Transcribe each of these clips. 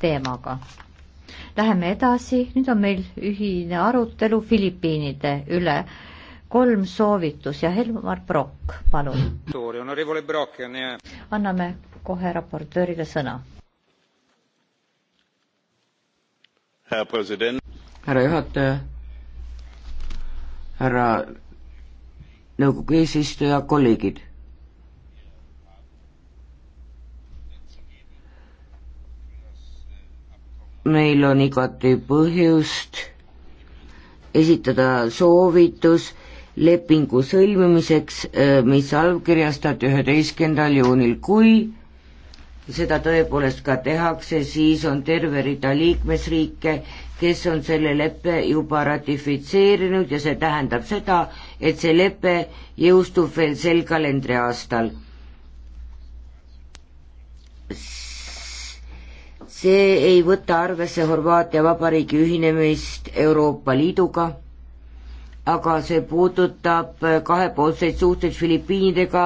teemaga. Läheme edasi, nüüd on meil ühine arutelu Filipiinide üle. kolm soovitus ja Helmar Brock, palun. anname kohe raportöörile sõna. härra juhataja, härra nõukogu eesistuja, kolleegid meil on igati põhjust esitada soovitus lepingu sõlmimiseks, äh, mis allkirjastati üheteistkümnendal juunil, kui seda tõepoolest ka tehakse, siis on terve rida liikmesriike, kes on selle leppe juba ratifitseerinud ja see tähendab seda, et see lepe jõustub veel sel kalendriaastal see ei võta arvesse Horvaatia Vabariigi ühinemist Euroopa Liiduga, aga see puudutab kahepoolseid suhteid Filipiinidega,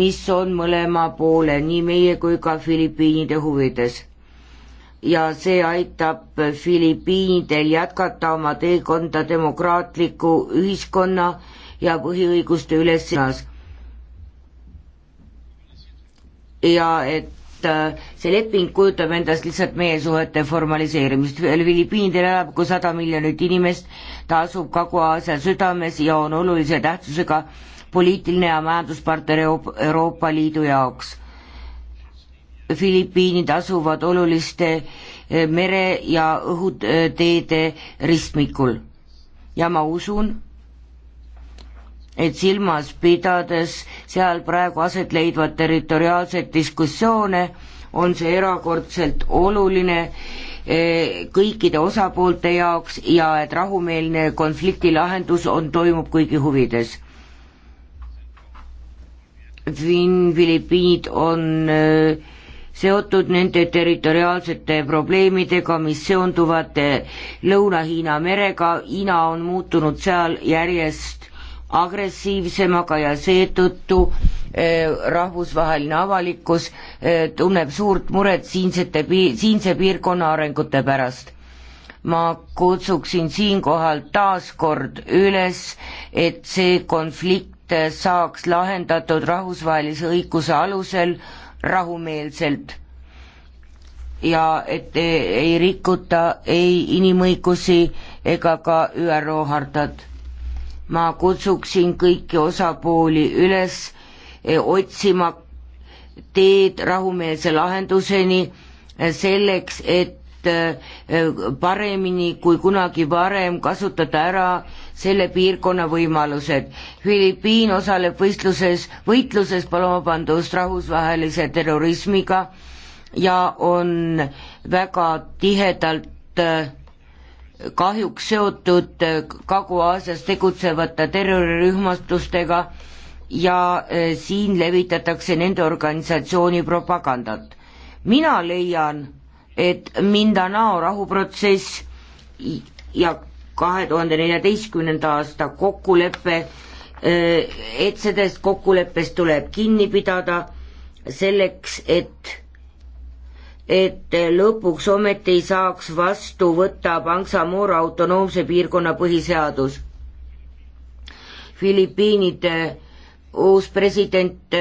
mis on mõlema poole, nii meie kui ka Filipiinide huvides. ja see aitab Filipiinidel jätkata oma teekonda demokraatliku ühiskonna ja põhiõiguste üles- ja et Äh, see leping kujutab endast lihtsalt meie suhete formaliseerimist. Filipiinidel elab kui sada miljonit inimest, ta asub Kagu-Aasia südames ja on olulise tähtsusega poliitiline ja majanduspartner Euroopa Liidu jaoks. Filipiinid asuvad oluliste äh, mere- ja õhuteede ristmikul ja ma usun, et silmas pidades seal praegu aset leidvat territoriaalset diskussioone, on see erakordselt oluline eh, kõikide osapoolte jaoks ja et rahumeelne konflikti lahendus on, toimub kõigi huvides. Fin-, Filipiinid on eh, seotud nende territoriaalsete probleemidega, mis seonduvad eh, Lõuna-Hiina merega, Hiina on muutunud seal järjest agressiivsemaga ja seetõttu eh, rahvusvaheline avalikkus eh, tunneb suurt muret siinsete, siinse piirkonna arengute pärast. ma kutsuksin siinkohal taas kord üles, et see konflikt saaks lahendatud rahvusvahelise õiguse alusel rahumeelselt ja et ei rikuta ei inimõigusi ega ka ÜRO hartat ma kutsuksin kõiki osapooli üles eh, otsima teed rahumeelse lahenduseni eh, selleks, et eh, paremini kui kunagi varem kasutada ära selle piirkonna võimalused. Filipiin osaleb võistluses, võitluses, vabandust, rahvusvahelise terrorismiga ja on väga tihedalt kahjuks seotud Kagu-Aasias tegutsevate terrorirühmastustega ja e, siin levitatakse nende organisatsiooni propagandat. mina leian, et Mindanao rahuprotsess ja kahe tuhande neljateistkümnenda aasta kokkulepe, e, et sellest kokkuleppest tuleb kinni pidada selleks, et et lõpuks ometi saaks vastu võtta Bangsamoro autonoomse piirkonna põhiseadus. Filipiinide uus president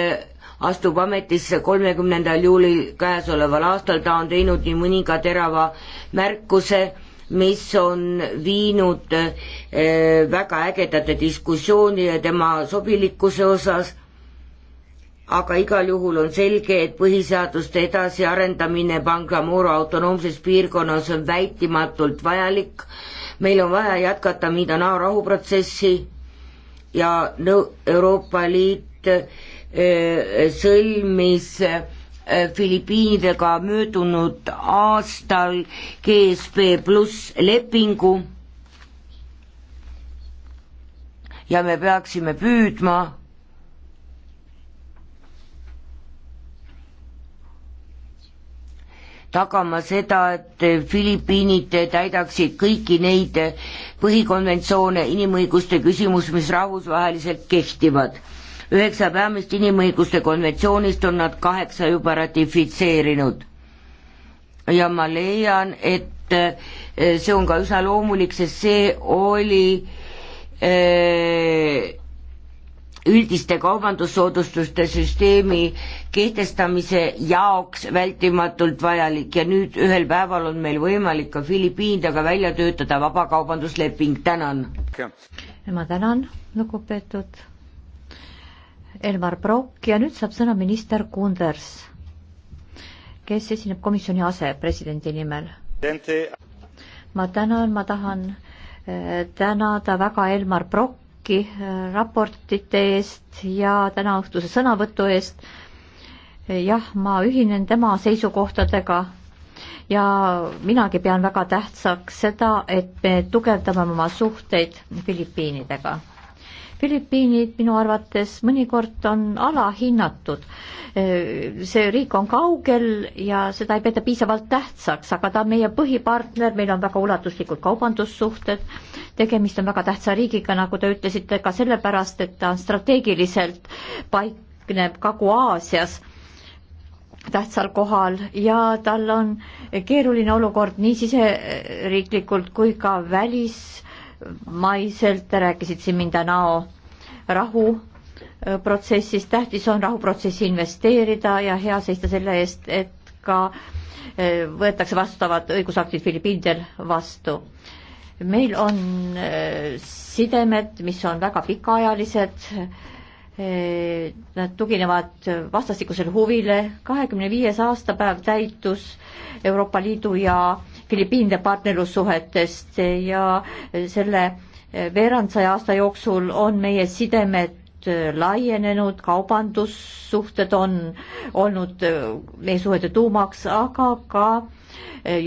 astub ametisse kolmekümnendal juulil käesoleval aastal, ta on teinud nii mõninga terava märkuse, mis on viinud eh, väga ägedate diskussiooni ja tema sobilikkuse osas aga igal juhul on selge, et põhiseaduste edasiarendamine Bangamoro autonoomses piirkonnas on vältimatult vajalik. meil on vaja jätkata Mindanao rahuprotsessi ja nõu-, Euroopa Liit äh, sõlmis äh, Filipiinidega möödunud aastal GSP pluss lepingu ja me peaksime püüdma tagama seda, et Filipiinid täidaksid kõiki neid põhikonventsioone, inimõiguste küsimus, mis rahvusvaheliselt kehtivad. üheksa peamist inimõiguste konventsioonist on nad kaheksa juba ratifitseerinud. ja ma leian, et eh, see on ka üsna loomulik, sest see oli äh, üldiste kaubandussoodustuste süsteemi kehtestamise jaoks vältimatult vajalik ja nüüd ühel päeval on meil võimalik ka Filipiinidega välja töötada vabakaubandusleping, tänan. ma tänan, lugupeetud Elmar Brokk ja nüüd saab sõna minister Kunders, kes esineb komisjoni asepresidendi nimel. ma tänan, ma tahan eh, tänada väga Elmar Brokki, kõiki äh, raportite eest ja tänaõhtuse sõnavõtu eest. jah, ma ühinen tema seisukohtadega ja minagi pean väga tähtsaks seda, et me tugevdame oma suhteid Filipiinidega Filipiinid minu arvates mõnikord on alahinnatud. see riik on kaugel ja seda ei peeta piisavalt tähtsaks, aga ta on meie põhipartner, meil on väga ulatuslikud kaubandussuhted, tegemist on väga tähtsa riigiga, nagu te ütlesite, ka sellepärast, et ta on strateegiliselt paikneb Kagu-Aasias tähtsal kohal ja tal on keeruline olukord nii siseriiklikult kui ka välis äh, maiselt, rääkisid siin Mindanao rahuprotsessist, äh, tähtis on rahuprotsessi investeerida ja hea seista selle eest, et ka äh, võetakse vastavad õigusaktid Filipiinidel vastu. meil on äh, sidemed, mis on väga pikaajalised, nad tuginevad vastastikusele huvile, kahekümne viies aastapäev täitus Euroopa Liidu ja Filipiinide partnerlussuhetest ja selle veerandsaja aasta jooksul on meie sidemed laienenud, kaubandussuhted on olnud meie suhete tuumaks, aga ka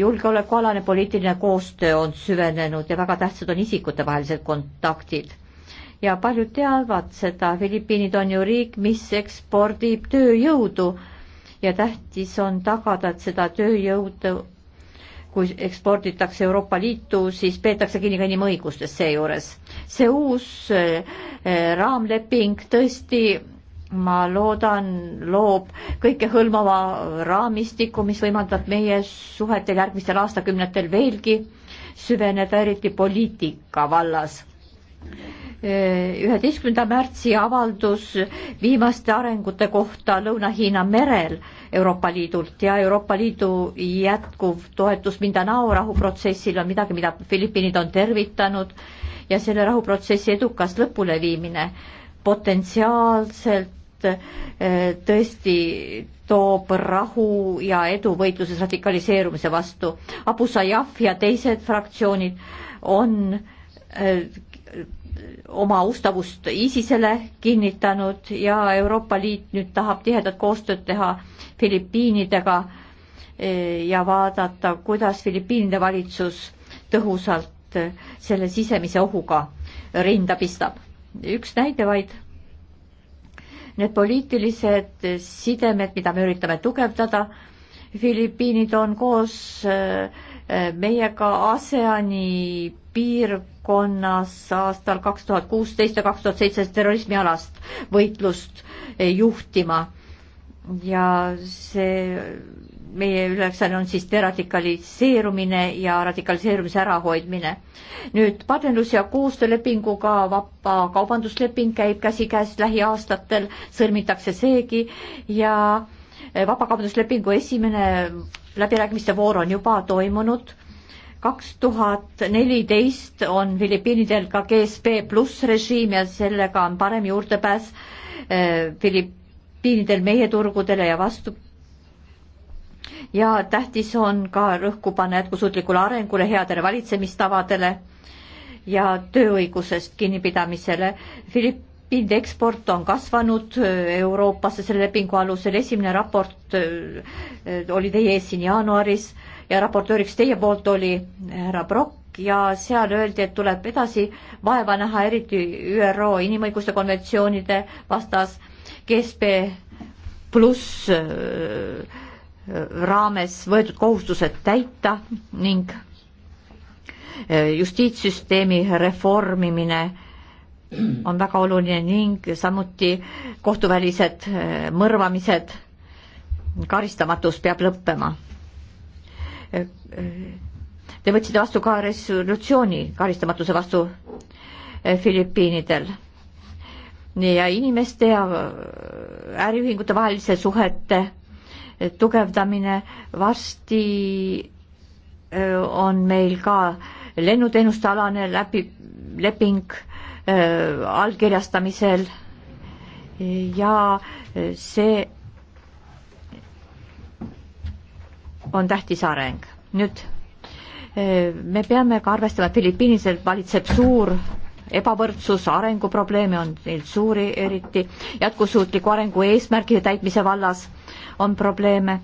julgeolekualane poliitiline koostöö on süvenenud ja väga tähtsad on isikutevahelised kontaktid. ja paljud teavad seda, Filipiinid on ju riik, mis ekspordib tööjõudu ja tähtis on tagada, et seda tööjõudu kui eksporditakse Euroopa Liitu, siis peetakse kinni ka inimõigustest seejuures. see uus eh, raamleping tõesti ma loodan, loob kõikehõlmava raamistiku, mis võimaldab meie suhetel järgmistel aastakümnetel veelgi süveneda, eriti poliitika vallas üheteistkümnenda märtsi avaldus viimaste arengute kohta Lõuna-Hiina merel Euroopa Liidult ja Euroopa Liidu jätkuv toetus Mindanao rahuprotsessil on midagi, mida Filipiinid on tervitanud ja selle rahuprotsessi edukas lõpuleviimine potentsiaalselt eh, tõesti toob rahu ja edu võitluses radikaliseerumise vastu. Abu Sayyaf ja teised fraktsioonid on eh, oma ustavust ISISele kinnitanud ja Euroopa Liit nüüd tahab tihedat koostööd teha Filipiinidega e, ja vaadata, kuidas Filipiinide valitsus tõhusalt selle sisemise ohuga rinda pistab. üks näide vaid. Need poliitilised sidemed, mida me üritame tugevdada, Filipiinid on koos äh, meiega ASEAN-i piirkonnas aastal kaks tuhat kuusteist ja kaks tuhat seitseteist terrorismialast võitlust eh, juhtima. ja see meie ülesanne on siis deradikaliseerumine ja radikaliseerumise ärahoidmine. nüüd partnerlus- ja koostöölepinguga vaba kaubandusleping käib käsikäes lähiaastatel, sõlmitakse seegi ja vabakaubanduslepingu esimene läbirääkimiste voor on juba toimunud. kaks tuhat neliteist on Filipiinidel ka GSP pluss režiim ja sellega on parem juurdepääs eh, Filipiinidel meie turgudele ja vastu ja tähtis on ka rõhku panna jätkusuutlikule arengule, headele valitsemistavadele ja tööõigusest kinnipidamisele. Filipp Pind eksport on kasvanud äh, Euroopasse selle lepingu alusel, esimene raport äh, äh, oli teie ees siin jaanuaris ja raportööriks teie poolt oli härra Brock ja seal öeldi, et tuleb edasi vaeva näha, eriti ÜRO inimõiguste konventsioonide vastas GSP pluss raames võetud kohustused täita ning justiitssüsteemi reformimine on väga oluline ning samuti kohtuvälised eh, mõrvamised, karistamatus peab lõppema. Te võtsite vastu ka resolutsiooni karistamatuse vastu eh, Filipiinidel ja inimeste ja eh, äriühingute vahelise suhete tugevdamine, varsti on meil ka lennuteenuste alane läbi, leping Äh, allkirjastamisel ja äh, see on tähtis areng. nüüd äh, me peame ka arvestama, et Filipiinidel valitseb suur ebavõrdsus, arenguprobleeme on neil suuri, eriti jätkusuutliku arengu eesmärgide täitmise vallas on probleeme.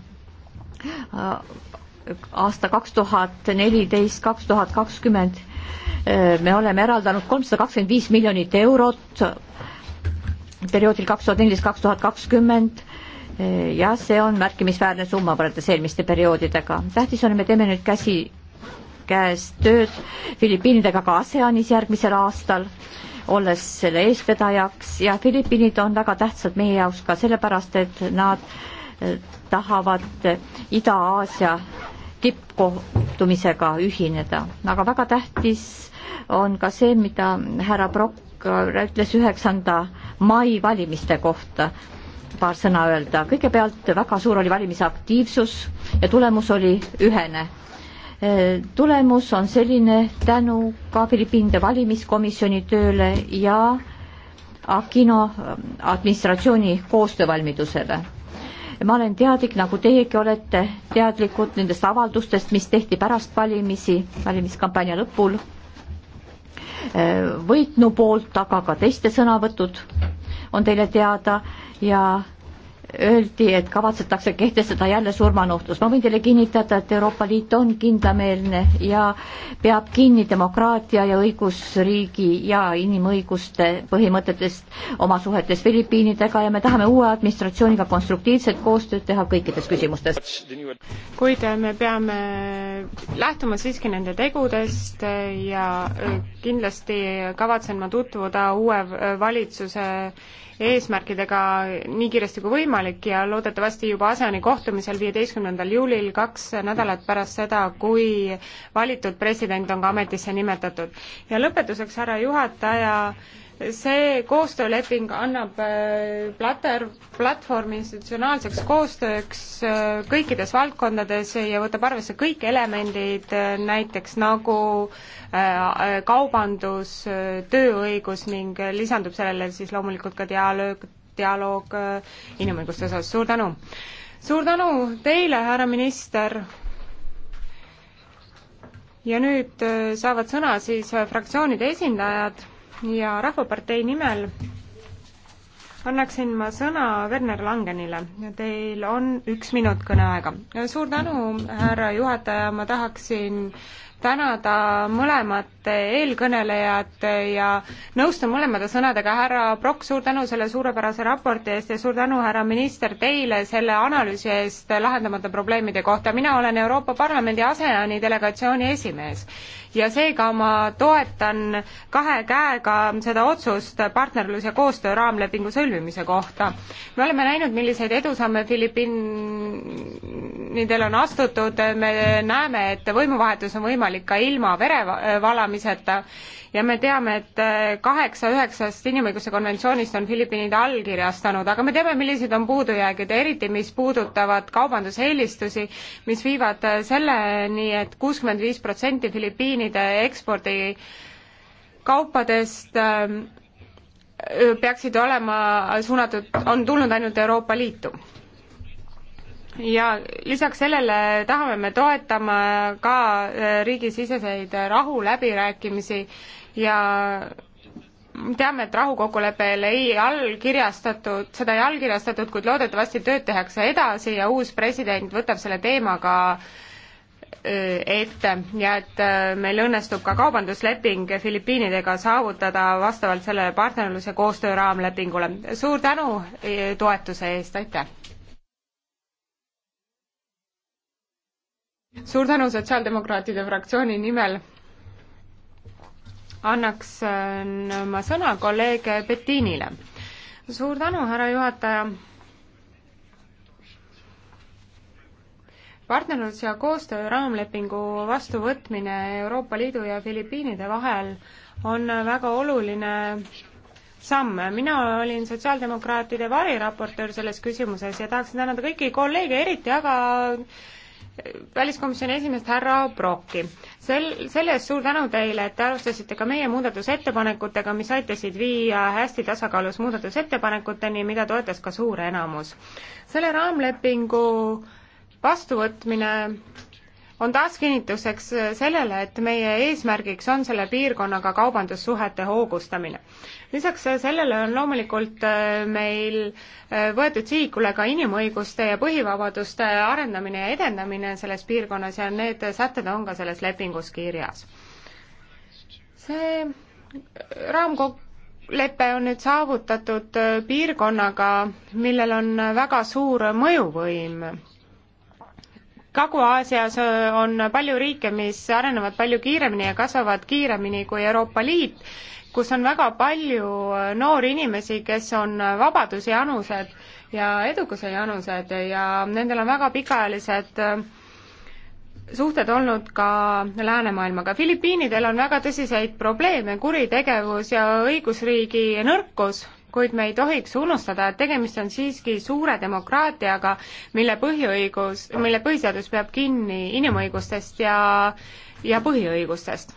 aasta kaks tuhat neliteist, kaks tuhat kakskümmend Äh, me oleme eraldanud kolmsada kakskümmend viis miljonit eurot perioodil kaks tuhat neliteist, kaks tuhat kakskümmend äh, ja see on märkimisväärne summa võrreldes eelmiste perioodidega. tähtis on, me teeme nüüd käsi käes tööd Filipiinidega ka ASEANis järgmisel aastal, olles selle eestvedajaks ja Filipiinid on väga tähtsad meie jaoks ka sellepärast, et nad äh, tahavad Ida-Aasia tippkohtumisega ühineda, aga väga tähtis on ka see, mida härra Brock ütles üheksanda mai valimiste kohta paar sõna öelda. kõigepealt väga suur oli valimisaktiivsus ja tulemus oli ühene. E, tulemus on selline tänu ka Filipiinide valimiskomisjoni tööle ja Aquino administratsiooni koostöövalmidusele ma olen teadlik, nagu teiegi olete teadlikud nendest avaldustest, mis tehti pärast valimisi, valimiskampaania lõpul, äh, võitnu poolt, aga ka teiste sõnavõtud on teile teada ja öeldi, et kavatsetakse kehtestada jälle surmanuhtlus. ma võin teile kinnitada, et Euroopa Liit on kindlameelne ja peab kinni demokraatia ja õigusriigi ja inimõiguste põhimõtetest oma suhetes Filipiinidega ja me tahame uue administratsiooniga konstruktiivset koostööd teha kõikides küsimustes. kuid me peame lähtuma siiski nende tegudest ja kindlasti kavatsen ma tutvuda uue valitsuse eesmärkidega nii kiiresti kui võimalik, võimalik ja loodetavasti juba ASEAN-i kohtumisel viieteistkümnendal juulil, kaks nädalat pärast seda, kui valitud president on ka ametisse nimetatud. ja lõpetuseks, härra juhataja, see koostööleping annab äh, plater, platvormi institutsionaalseks koostööks äh, kõikides valdkondades ja võtab arvesse kõik elemendid, äh, näiteks nagu kaubandus, tööõigus ning lisandub sellele siis loomulikult ka dialoog dialoog äh, inimõiguste osas, suur tänu! suur tänu teile, härra minister! ja nüüd äh, saavad sõna siis äh, fraktsioonide esindajad ja Rahvapartei nimel annaksin ma sõna Werner Langenile. Teil on üks minut kõneaega. suur tänu, härra juhataja, ma tahaksin äh, tänada mõlemat eelkõnelejat ja nõustun mõlemate sõnadega, härra Prokk, suur tänu selle suurepärase raporti eest ja suur tänu, härra minister, teile selle analüüsi eest lahendamata probleemide kohta. mina olen Euroopa Parlamendi ASEAN-i delegatsiooni esimees ja seega ma toetan kahe käega seda otsust partnerlus- ja koostöö raamlepingu sõlmimise kohta. me oleme näinud, milliseid edusamme Filipiinidel on astutud, me näeme, et võimuvahetus on võimalik ka ilma verevalamiseta ja me teame, et kaheksa üheksast inimõiguste konventsioonist on Filipiinid allkirjastanud, aga me teame, millised on puudujäägid, eriti mis puudutavad kaubanduseelistusi, mis viivad selleni et, et kuuskümmend viis protsenti Filipiini droonide ekspordi kaupadest ähm, peaksid olema suunatud, on tulnud ainult Euroopa Liitu. ja lisaks sellele tahame me toetama ka äh, riigisiseseid rahuläbirääkimisi ja teame, et rahukokkuleppel ei allkirjastatud, seda ei allkirjastatud, kuid loodetavasti tööd tehakse edasi ja uus president võtab selle teemaga äh, ette ja et äh, meil õnnestub ka kaubandusleping Filipiinidega saavutada vastavalt sellele partnerluse koostöö raamlepingule. suur tänu äh, toetuse eest, aitäh! suur tänu Sotsiaaldemokraatide fraktsiooni nimel. annaks äh, ma sõna kolleeg Bettinile. suur tänu, härra juhataja partnerlus- ja koostöö raamlepingu vastuvõtmine Euroopa Liidu ja Filipiinide vahel on väga oluline samm. mina olin sotsiaaldemokraatide variraportöör selles küsimuses ja tahaksin tänada kõiki kolleege, eriti aga väliskomisjoni esimeest härra Brocki. sel, selle eest suur tänu teile, et te alustasite ka meie muudatusettepanekutega, mis aitasid viia hästi tasakaalus muudatusettepanekuteni, mida toetas ka suur enamus. selle raamlepingu vastuvõtmine on taas kinnituseks sellele, et meie eesmärgiks on selle piirkonnaga kaubandussuhete hoogustamine. lisaks sellele on loomulikult äh, meil äh, võetud sihikule ka inimõiguste ja põhivabaduste arendamine ja edendamine selles piirkonnas ja need sätted on ka selles lepingus kirjas. see raamkokkulepe on nüüd saavutatud äh, piirkonnaga, millel on väga suur mõjuvõim Kagu-Aasias on palju riike, mis arenevad palju kiiremini ja kasvavad kiiremini kui Euroopa Liit, kus on väga palju noori inimesi, kes on vabaduse janused ja edukuse janused ja nendel on väga pikaajalised suhted olnud ka läänemaailmaga. Filipiinidel on väga tõsiseid probleeme, kuritegevus ja õigusriigi nõrkus kuid me ei tohiks unustada, et tegemist on siiski suure demokraatiaga, mille põhiõigus, mille põhiseadus peab kinni inimõigustest ja, ja põhiõigustest.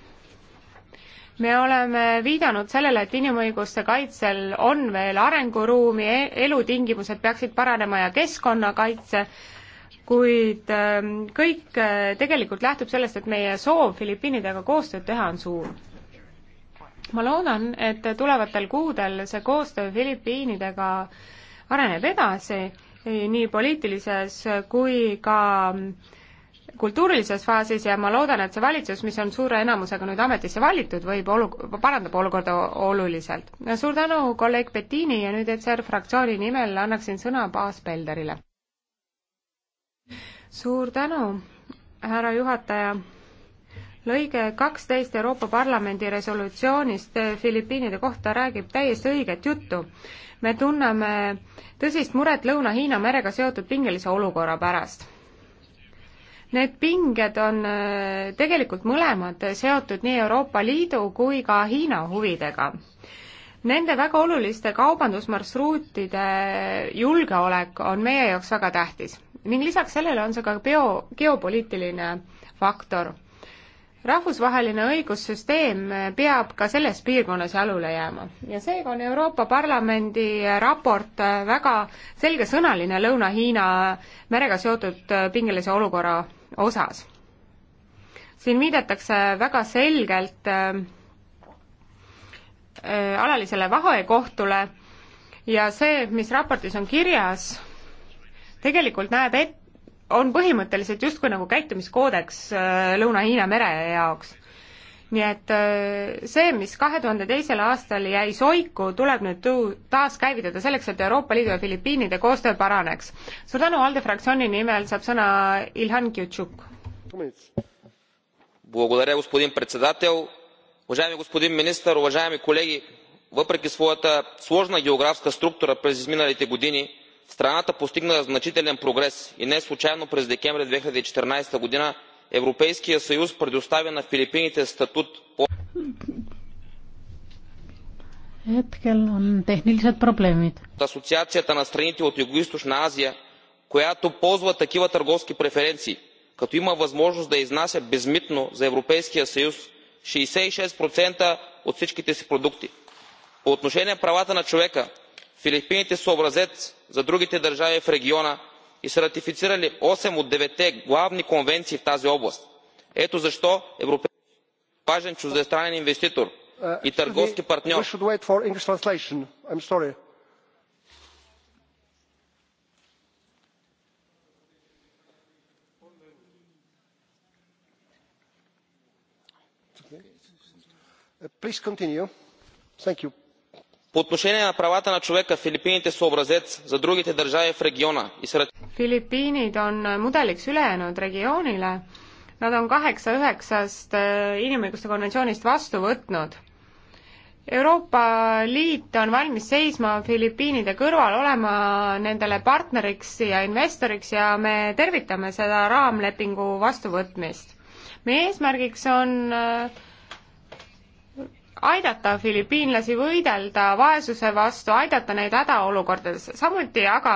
me oleme viidanud sellele, et inimõiguste kaitsel on veel arenguruumi, e-, elutingimused peaksid paranema ja keskkonnakaitse, kuid ähm, kõik äh, tegelikult lähtub sellest, et meie soov Filipiinidega koostööd teha on suur ma loodan, et tulevatel kuudel see koostöö Filipiinidega areneb edasi e, nii poliitilises kui ka kultuurilises faasis ja ma loodan, et see valitsus, mis on suure enamusega nüüd ametisse valitud, võib olu-, parandab olukorda oluliselt. suur tänu, kolleeg Bettini ja nüüd ECR fraktsiooni nimel annaksin sõna Baas Pelderile. suur tänu, härra juhataja lõige kaksteist Euroopa Parlamendi resolutsioonist eh, Filipiinide kohta räägib täiesti õiget juttu. me tunneme tõsist muret Lõuna-Hiina merega seotud pingelise olukorra pärast. Need pinged on eh, tegelikult mõlemad seotud nii Euroopa Liidu kui ka Hiina huvidega nende väga oluliste kaubandusmarsruutide julgeolek on meie jaoks väga tähtis ning lisaks sellele on see ka bio, geopoliitiline faktor rahvusvaheline õigussüsteem peab ka selles piirkonnas jalule jääma ja seega on Euroopa Parlamendi raport väga selgesõnaline Lõuna-Hiina merega seotud pingelise olukorra osas. siin viidatakse väga selgelt äh, alalisele vahekohtule ja see, mis raportis on kirjas, tegelikult näeb ette, on põhimõtteliselt justkui nagu käitumiskoodeks äh, Lõuna-Hiina mere jaoks. nii et äh, see, mis kahe tuhande teisel aastal jäi soiku, tuleb nüüd tu-, taaskäivitada selleks, et Euroopa Liidu ja Filipiinide koostöö paraneks. suur tänu, ALDE fraktsiooni nimel saab sõna Ilhan Kjutšuk. Благодаря, господин председател. Уважаеми господин министър, уважаеми колеги, въпреки своята сложна географска структура през изминалите години, страната постигна значителен прогрес и неслучайно през декември две хиляди и четиринадесета година европейският съюз предостави на филипините статут по асоциацията на страните от югоизточна азия която ползва такива търговски преференции като има възможност да изнася безмитно за европейския съюз шестдесет и шест процента от всичките си продукти. по отношение правата на човека филипините са образец за другите държави в региона и са ратифицирали осем от деветте главни конвенции в тази област. ето защо европейският съюз е важен чуждестранен инвеститор uh, и търговски партньор. Uh, please continue. thank you по отношение на правата на човека филипиините са образец за другите държави в региона и сред Филипpiinid on mudeliks ülejäänud regioonile nad on kaheksa üheksast äh, inimõiguste konventsioonist vastu võtnud Euroopa Liit on valmis seisma Filipiinide kõrval, olema nendele partneriks ja investoriks ja me tervitame seda raamlepingu vastuvõtmist. meie eesmärgiks on äh, aidata filipiinlasi võidelda vaesuse vastu, aidata neid hädaolukordades, samuti aga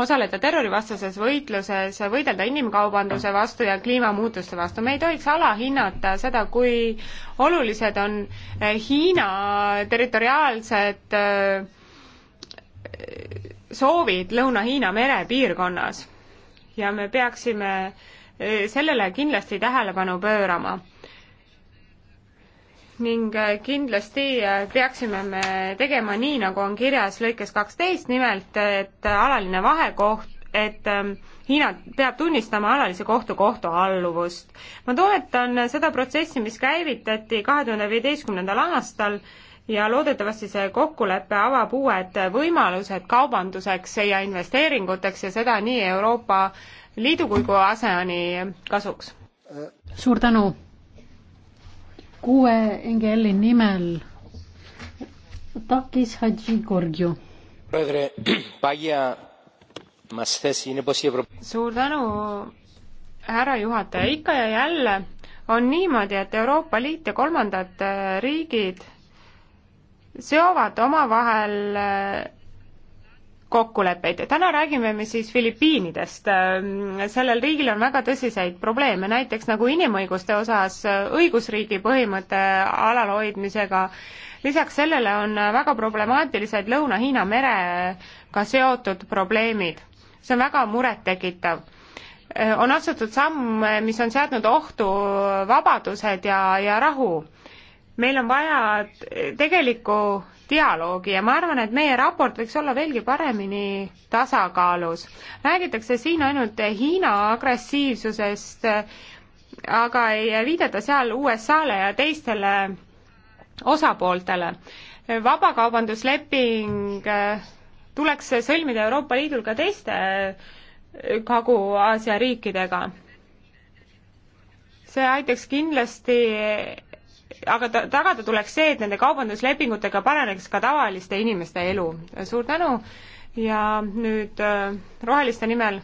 osaleda terrorivastases võitluses, võidelda inimkaubanduse vastu ja kliimamuutuste vastu. me ei tohiks alahinnata seda, kui olulised on eh, Hiina territoriaalsed eh, soovid Lõuna-Hiina merepiirkonnas ja me peaksime eh, sellele kindlasti tähelepanu pöörama ning äh, kindlasti äh, peaksime me tegema nii, nagu on kirjas lõikes kaksteist, nimelt et alaline vahekoht, et ähm, Hiina peab tunnistama alalise kohtu kohtualluvust. ma toetan seda protsessi, mis käivitati kahe tuhande viieteistkümnendal aastal ja loodetavasti see kokkulepe avab uued võimalused kaubanduseks ja investeeringuteks ja seda nii Euroopa Liidu kui ka ASEAN-i kasuks. suur tänu kuue NGL-i nimel Takis Hadži Gorgju. suur tänu, härra juhataja, ikka ja jälle on niimoodi, et Euroopa Liit ja kolmandad riigid seovad omavahel kokkuleppeid. täna räägime me siis Filipiinidest. sellel riigil on väga tõsiseid probleeme, näiteks nagu inimõiguste osas õigusriigi põhimõtte alalhoidmisega. lisaks sellele on väga problemaatilised Lõuna-Hiina merega seotud probleemid. see on väga murettekitav on astutud samm, mis on seadnud ohtu vabadused ja, ja rahu. meil on vaja tegelikku dialoogi ja ma arvan, et meie raport võiks olla veelgi paremini tasakaalus. räägitakse siin ainult Hiina agressiivsusest, aga ei viidata seal USA-le ja teistele osapooltele. vabakaubandusleping tuleks sõlmida Euroopa Liidul ka teiste Kagu-Aasia riikidega. see aitaks kindlasti aga ta, tagada tuleks see, et nende kaubanduslepingutega paraneks ka tavaliste inimeste elu. suur tänu ja nüüd äh, Roheliste nimel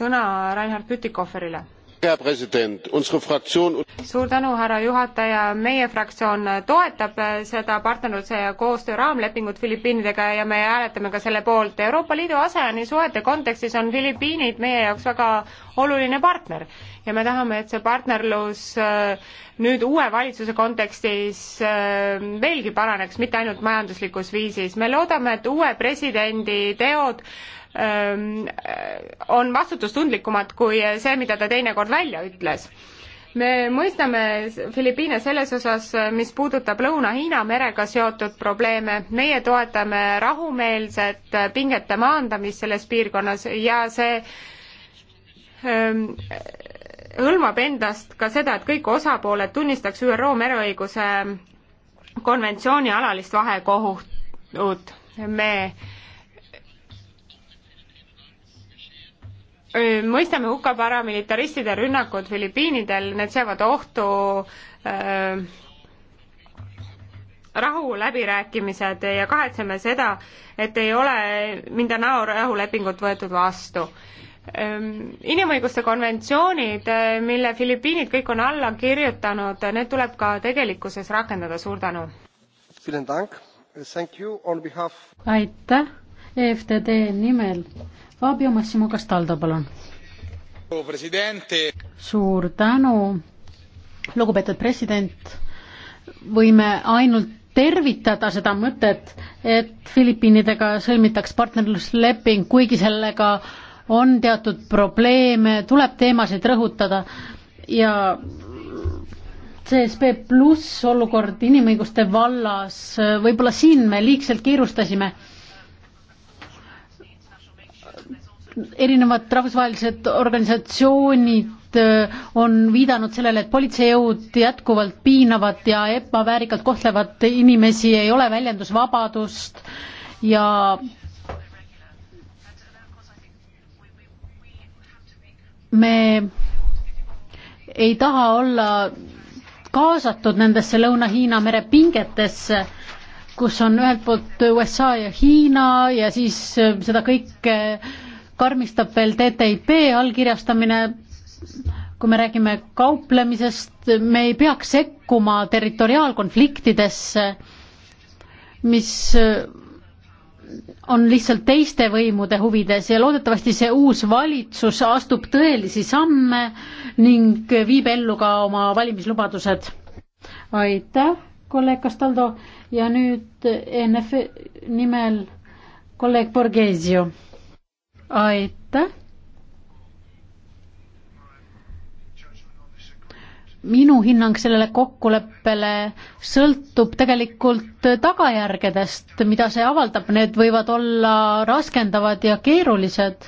sõna Reinhard Pütikoferile herr präsident! unsere fraktion. suur tänu härra juhataja meie fraktsioon toetab äh, seda partnerluse ja koostöö raamlepingut filipiinidega ja me hääletame ka selle poolt. euroopa liidu aseani suhete kontekstis on filipiinid meie jaoks väga oluline partner ja me tahame et see partnerlus äh, nüüd uue valitsuse kontekstis äh, veelgi paraneks mitte ainult majanduslikus viisis. me loodame et uue presidendi teod Ähm, on vastutustundlikumad kui see, mida ta teinekord välja ütles me mõistame Filipiine selles osas, mis puudutab Lõuna-Hiina merega seotud probleeme. meie toetame rahumeelset pingete maandamist selles piirkonnas ja see ähm, hõlmab endast ka seda, et kõik osapooled tunnistaks ÜRO mereõiguse konventsiooni alalist vahekohut. me mõistame hukka paramilitaristide rünnakud Filipiinidel, need seavad ohtu äh, rahuläbirääkimised ja kahetseme seda, et ei ole Mindanao rahulepingut võetud vastu inimõiguste konventsioonid, mille Filipiinid kõik on alla kirjutanud, need tuleb ka tegelikkuses rakendada, suur tänu. aitäh, EFTD nimel Fabio Massimo Castaldo, palun. suur tänu, lugupeetud president. võime ainult tervitada seda mõtet, et Filipiinidega sõlmitaks partnerlusleping, kuigi sellega on teatud probleeme, tuleb teemasid rõhutada ja CSP pluss olukord inimõiguste vallas, võib-olla siin me liigselt kiirustasime erinevad rahvusvahelised organisatsioonid äh, on viidanud sellele, et politseijõud jätkuvalt piinavad ja ebaväärikalt kohtlevad inimesi, ei ole väljendusvabadust ja me ei taha olla kaasatud nendesse Lõuna-Hiina mere pingetesse, kus on ühelt poolt USA ja Hiina ja siis äh, seda kõike karmistab veel TTIP allkirjastamine, kui me räägime kauplemisest, me ei peaks sekkuma territoriaalkonfliktidesse, mis on lihtsalt teiste võimude huvides ja loodetavasti see uus valitsus astub tõelisi samme ning viib ellu ka oma valimislubadused. aitäh, kolleeg Castaldo ja nüüd ENF e nimel kolleeg Borghesio aitäh. minu hinnang sellele kokkuleppele sõltub tegelikult tagajärgedest, mida see avaldab, need võivad olla raskendavad ja keerulised.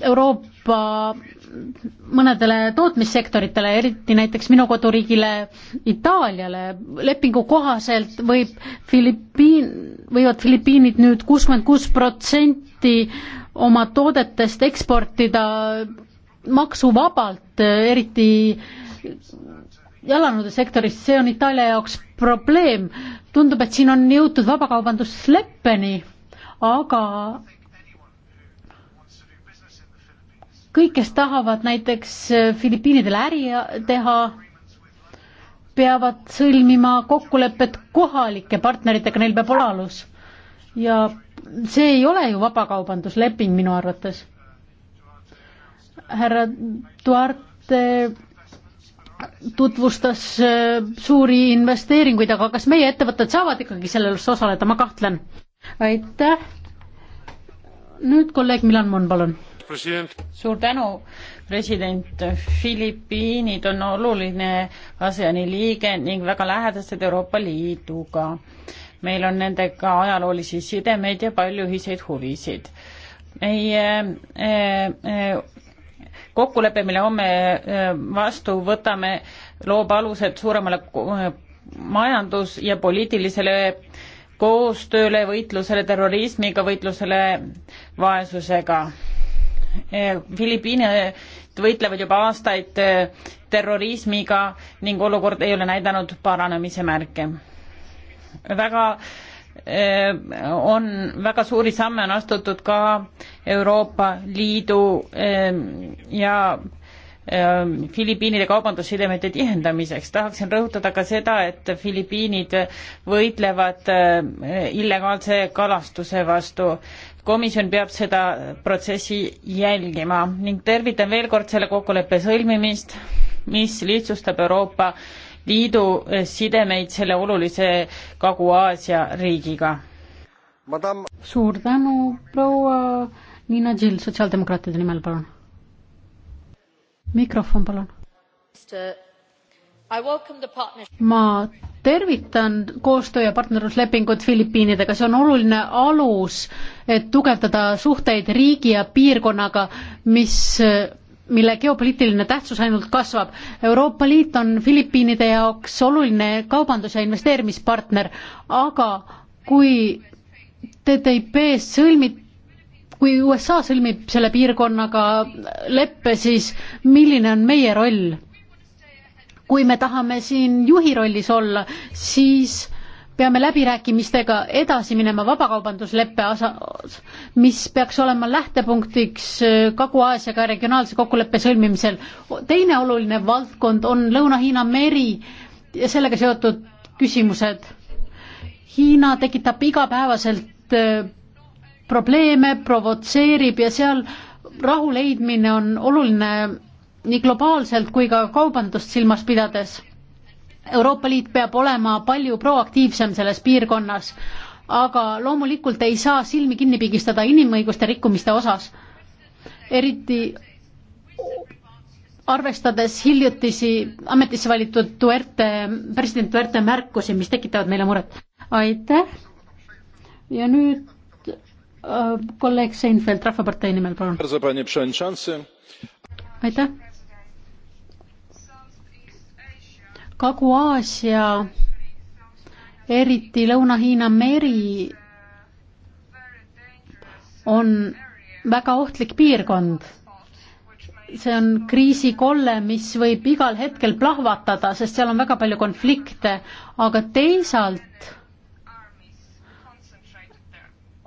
Euroopa mõnedele tootmissektoritele, eriti näiteks minu koduriigile Itaaliale. lepingu kohaselt võib Filipiin, võivad Filipiinid nüüd kuuskümmend kuus protsenti oma toodetest eksportida maksuvabalt, eriti jalanõudesektorist, see on Itaalia jaoks probleem. tundub, et siin on jõutud vabakaubandusleppeni, aga kõik, kes tahavad näiteks äh, Filipiinidele äri teha, peavad sõlmima kokkulepped kohalike partneritega, neil peab olema alus. ja see ei ole ju vabakaubandusleping minu arvates. härra Duarte tutvustas äh, suuri investeeringuid, aga kas meie ettevõtted saavad ikkagi selles osaleda, ma kahtlen. aitäh. nüüd kolleeg Milan Mon, palun suur tänu, president. Filipiinid on oluline ASEAN-i liige ning väga lähedased Euroopa Liiduga. meil on nendega ajaloolisi sidemeid ja palju ühiseid huvisid. meie eh, eh, kokkulepe, mille homme eh, vastu võtame, loob alused suuremale eh, majandus- ja poliitilisele koostööle, võitlusele terrorismiga, võitlusele vaesusega Eh, Filipiinid eh, võitlevad juba aastaid eh, terrorismiga ning olukord ei ole näidanud paranemise märke. väga on, väga suuri samme on astutud ka Euroopa Liidu ja Filipiinide kaubandussidemete tihendamiseks. tahaksin rõhutada ka seda, et Filipiinid võitlevad illegaalse kalastuse vastu komisjon peab seda protsessi jälgima ning tervitan veel kord selle kokkuleppe sõlmimist, mis lihtsustab Euroopa Liidu sidemeid selle olulise Kagu-Aasia riigiga. suur tänu, proua Niina Jill, sotsiaaldemokraatide nimel, palun. mikrofon, palun. ma tervitan koostöö- ja partnerluslepingut Filipiinidega, see on oluline alus, et tugevdada suhteid riigi ja piirkonnaga, mis mille geopoliitiline tähtsus ainult kasvab. Euroopa Liit on Filipiinide jaoks oluline kaubandus- ja investeerimispartner, aga kui TTIP-s sõlmit-, kui USA sõlmib selle piirkonnaga leppe, siis milline on meie roll? kui me tahame siin juhi rollis olla, siis peame läbirääkimistega edasi minema vabakaubandusleppe osas, mis peaks olema lähtepunktiks äh, Kagu-Aasiaga regionaalse kokkuleppe sõlmimisel. teine oluline valdkond on Lõuna-Hiina meri ja sellega seotud küsimused. Hiina tekitab igapäevaselt äh, probleeme, provotseerib ja seal rahu leidmine on oluline nii globaalselt kui ka kaubandust silmas pidades. Euroopa Liit peab olema palju proaktiivsem selles piirkonnas, aga loomulikult ei saa silmi kinni pigistada inimõiguste rikkumiste osas. eriti arvestades hiljutisi ametisse valitud Duerte, president Duerte märkusi, mis tekitavad meile muret. aitäh ja nüüd äh, kolleeg Seinfeld Rahvapartei nimel, palun. aitäh Kagu-Aasia, eriti Lõuna-Hiina meri, on väga ohtlik piirkond. see on kriisikolle, mis võib igal hetkel plahvatada, sest seal on väga palju konflikte, aga teisalt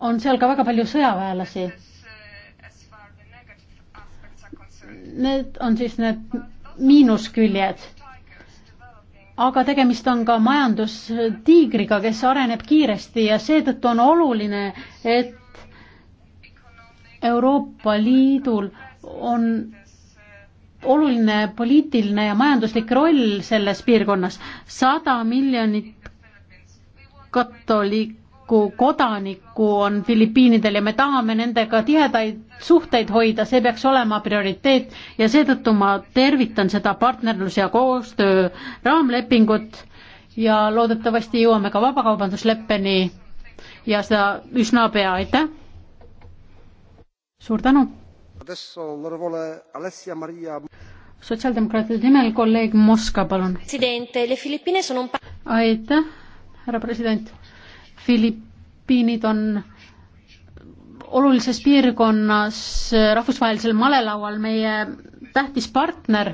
on seal ka väga palju sõjaväelasi need on siis need miinusküljed aga tegemist on ka majandustiigriga, kes areneb kiiresti ja seetõttu on oluline, et Euroopa Liidul on oluline poliitiline ja majanduslik roll selles piirkonnas, sada miljonit katolik-, kohalikku kodanikku on Filipiinidel ja me tahame nendega tihedaid suhteid hoida, see peaks olema prioriteet ja seetõttu ma tervitan seda partnerlus- ja koostöö raamlepingut ja loodetavasti jõuame ka vabakaubandusleppeni ja seda üsna pea, aitäh! suur tänu! sotsiaaldemokraatide nimel kolleeg Moska, palun. aitäh, härra president. Filipiinid on olulises piirkonnas rahvusvahelisel malelaual meie tähtis partner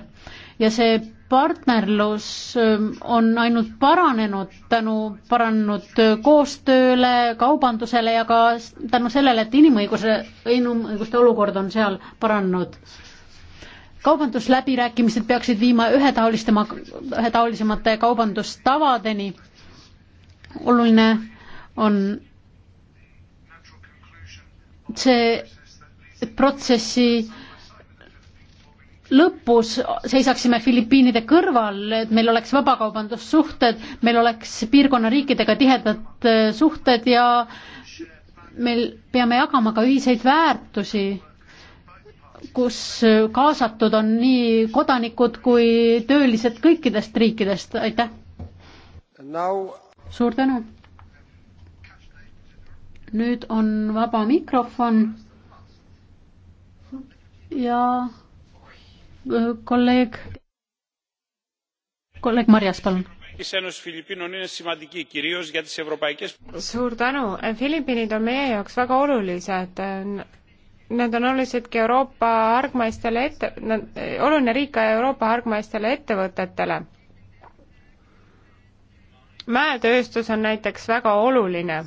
ja see partnerlus ähm, on ainult paranenud tänu paranenud koostööle, kaubandusele ja ka tänu sellele, et inimõiguse, inimõiguste olukord on seal paranenud. kaubandusläbirääkimised peaksid viima ühetaolistema, ühetaolisemate kaubandustavadeni. oluline on see protsessi lõpus seisaksime Filipiinide kõrval, et meil oleks vabakaubandussuhted, meil oleks piirkonna riikidega tihedad äh, suhted ja meil peame jagama ka ühiseid väärtusi, kus äh, kaasatud on nii kodanikud kui töölised kõikidest riikidest, aitäh Now...! suur tänu! nüüd on vaba mikrofon ja äh, kolleeg, kolleeg Marjas, palun. suur tänu, äh, Filipiinid on meie jaoks väga olulised. Äh, nad on olulised ka Euroopa hargmaistele ette, oluline riik ka Euroopa hargmaistele ettevõtetele. mäetööstus on näiteks väga oluline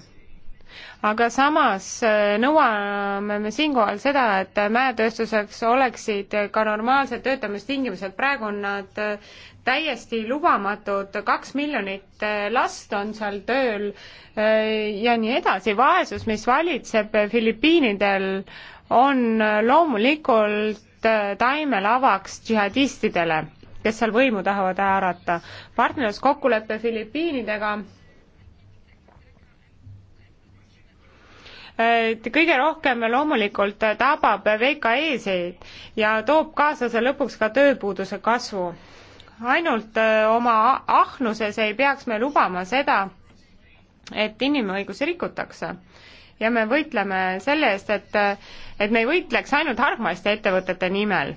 aga samas äh, nõuame me siinkohal seda, et mäetööstuseks oleksid ka normaalsed töötamistingimused, praegu on nad äh, täiesti lubamatud, kaks miljonit äh, last on seal tööl ja nii edasi, vaesus, mis valitseb Filipiinidel, on loomulikult taimelavaks džihadistidele, kes seal võimu tahavad haarata. partnerluskokkulepe Filipiinidega kõige rohkem loomulikult tabab VKE-sid ja toob kaasa see lõpuks ka tööpuuduse kasvu. ainult äh, oma ahnuses ei peaks me lubama seda, et inimõigusi rikutakse. ja me võitleme selle eest, et, et me ei võitleks ainult hargmaiste ettevõtete nimel.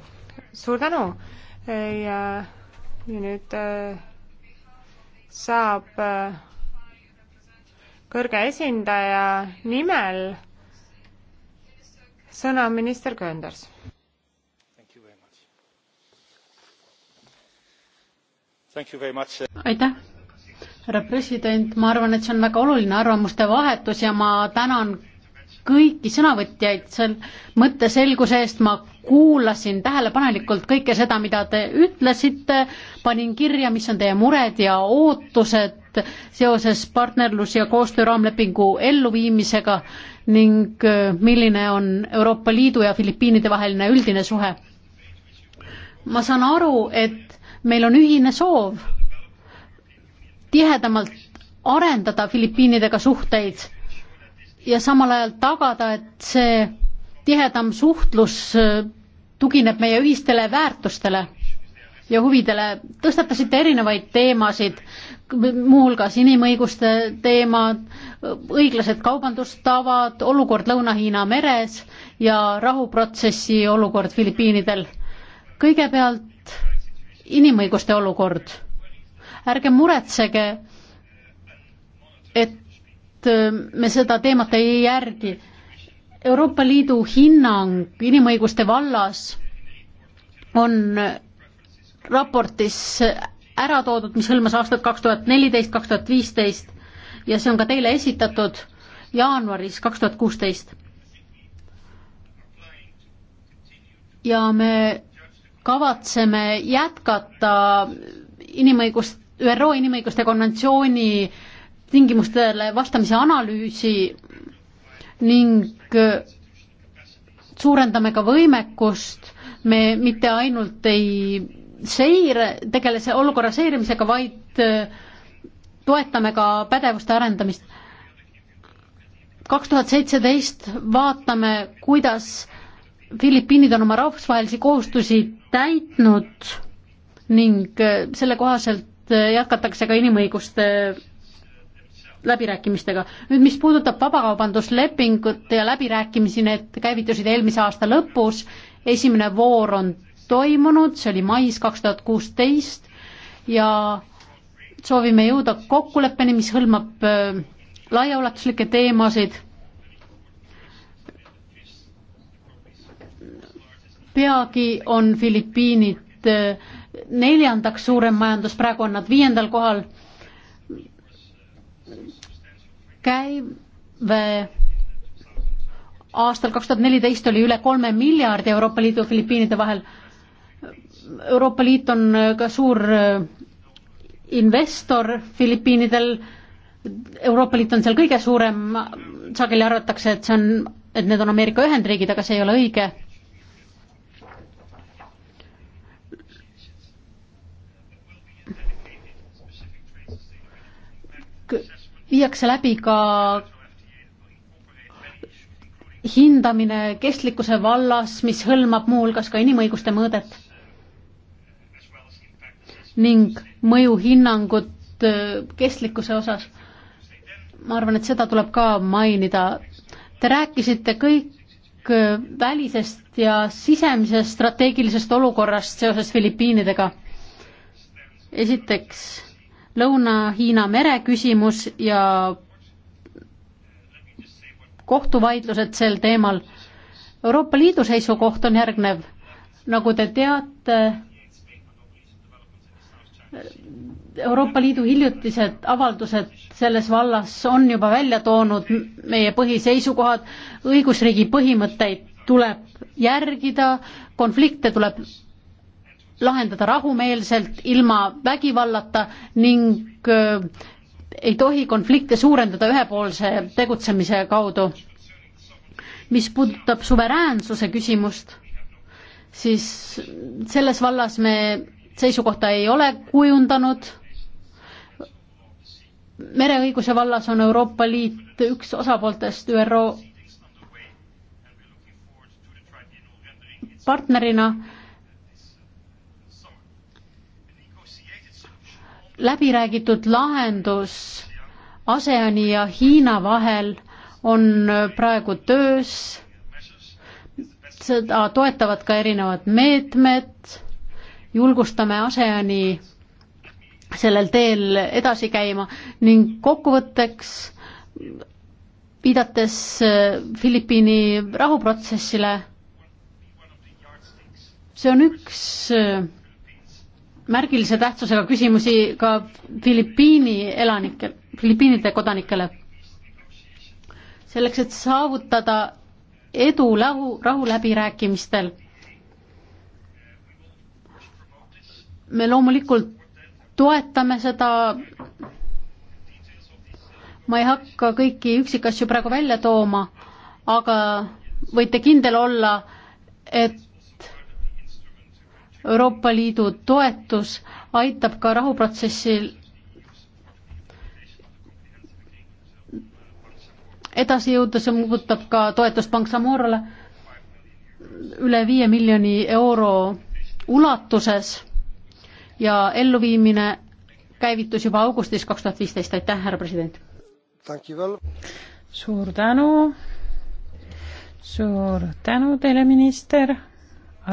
suur tänu ja, ja nüüd äh, saab äh, kõrge esindaja nimel sõna minister Könders. aitäh, härra president, ma arvan, et see on väga oluline arvamuste vahetus ja ma tänan kõiki sõnavõtjaid seal mõtteselguse eest, ma kuulasin tähelepanelikult kõike seda, mida te ütlesite, panin kirja, mis on teie mured ja ootused raport seoses partnerlus- ja koostööraamlepingu elluviimisega ning äh, milline on Euroopa Liidu ja Filipiinide vaheline üldine suhe. ma saan aru, et meil on ühine soov tihedamalt arendada Filipiinidega suhteid ja samal ajal tagada, et see tihedam suhtlus äh, tugineb meie ühistele väärtustele ja huvidele. tõstatasite erinevaid teemasid, muuhulgas inimõiguste teemad, õiglased kaubandustavad, olukord Lõuna-Hiina meres ja rahuprotsessi olukord Filipiinidel. kõigepealt inimõiguste olukord. ärge muretsege, et me seda teemat ei järgi. Euroopa Liidu hinnang inimõiguste vallas on raportis ära toodud, mis hõlmas aastat kaks tuhat neliteist, kaks tuhat viisteist ja see on ka teile esitatud jaanuaris kaks tuhat kuusteist. ja me kavatseme jätkata inimõigust, ÜRO inimõiguste konventsiooni tingimustele vastamise analüüsi ning suurendame ka võimekust, me mitte ainult ei seire, tegele see olukorra seirimisega, vaid äh, toetame ka pädevuste arendamist. kaks tuhat seitseteist vaatame, kuidas Filipiinid on oma rahvusvahelisi kohustusi täitnud ning äh, selle kohaselt äh, jätkatakse ka inimõiguste läbirääkimistega. nüüd, mis puudutab vabakaubanduslepingut ja läbirääkimisi, need käivitusid eelmise aasta lõpus, esimene voor on toimunud, see oli mais kaks tuhat kuusteist ja soovime jõuda kokkuleppeni, mis hõlmab äh, laiaulatuslikke teemasid. peagi on Filipiinid äh, neljandaks suurem majandus, praegu on nad viiendal kohal. käive aastal kaks tuhat neliteist oli üle kolme miljardi Euroopa Liidu ja Filipiinide vahel Euroopa Liit on ka suur äh, investor Filipiinidel, Euroopa Liit on seal kõige suurem, sageli arvatakse, et see on, et need on Ameerika Ühendriigid, aga see ei ole õige. viiakse läbi ka hindamine kestlikkuse vallas, mis hõlmab muuhulgas ka inimõiguste mõõdet ning mõjuhinnangut äh, kestlikkuse osas. ma arvan, et seda tuleb ka mainida. Te rääkisite kõik äh, välisest ja sisemisest strateegilisest olukorrast seoses Filipiinidega. esiteks Lõuna-Hiina mere küsimus ja kohtuvaidlused sel teemal. Euroopa Liidu seisukoht on järgnev. nagu te teate, Euroopa Liidu hiljutised avaldused selles vallas on juba välja toonud meie põhiseisukohad, õigusriigi põhimõtteid tuleb järgida, konflikte tuleb lahendada rahumeelselt, ilma vägivallata ning äh, ei tohi konflikte suurendada ühepoolse tegutsemise kaudu. mis puudutab suveräänsuse küsimust, siis selles vallas me seisukohta ei ole kujundanud. mereõiguse vallas on Euroopa Liit üks osapooltest ÜRO partnerina. läbiräägitud lahendus ASEAN-i ja Hiina vahel on praegu töös, seda toetavad ka erinevad meetmed julgustame ASEAN-i sellel teel edasi käima ning kokkuvõtteks viidates äh, Filipiini rahuprotsessile, see on üks äh, märgilise tähtsusega küsimusi ka Filipiini elanikel, Filipiinide kodanikele. selleks, et saavutada edu rahu, rahuläbirääkimistel me loomulikult toetame seda, ma ei hakka kõiki üksikasju praegu välja tooma, aga võite kindel olla, et Euroopa Liidu toetus aitab ka rahuprotsessil edasi jõuda, see puudutab ka toetust Bank Samorale üle viie miljoni euro ulatuses ja elluviimine käivitus juba augustis kaks tuhat viisteist, aitäh, härra president! suur tänu, suur tänu teile, minister!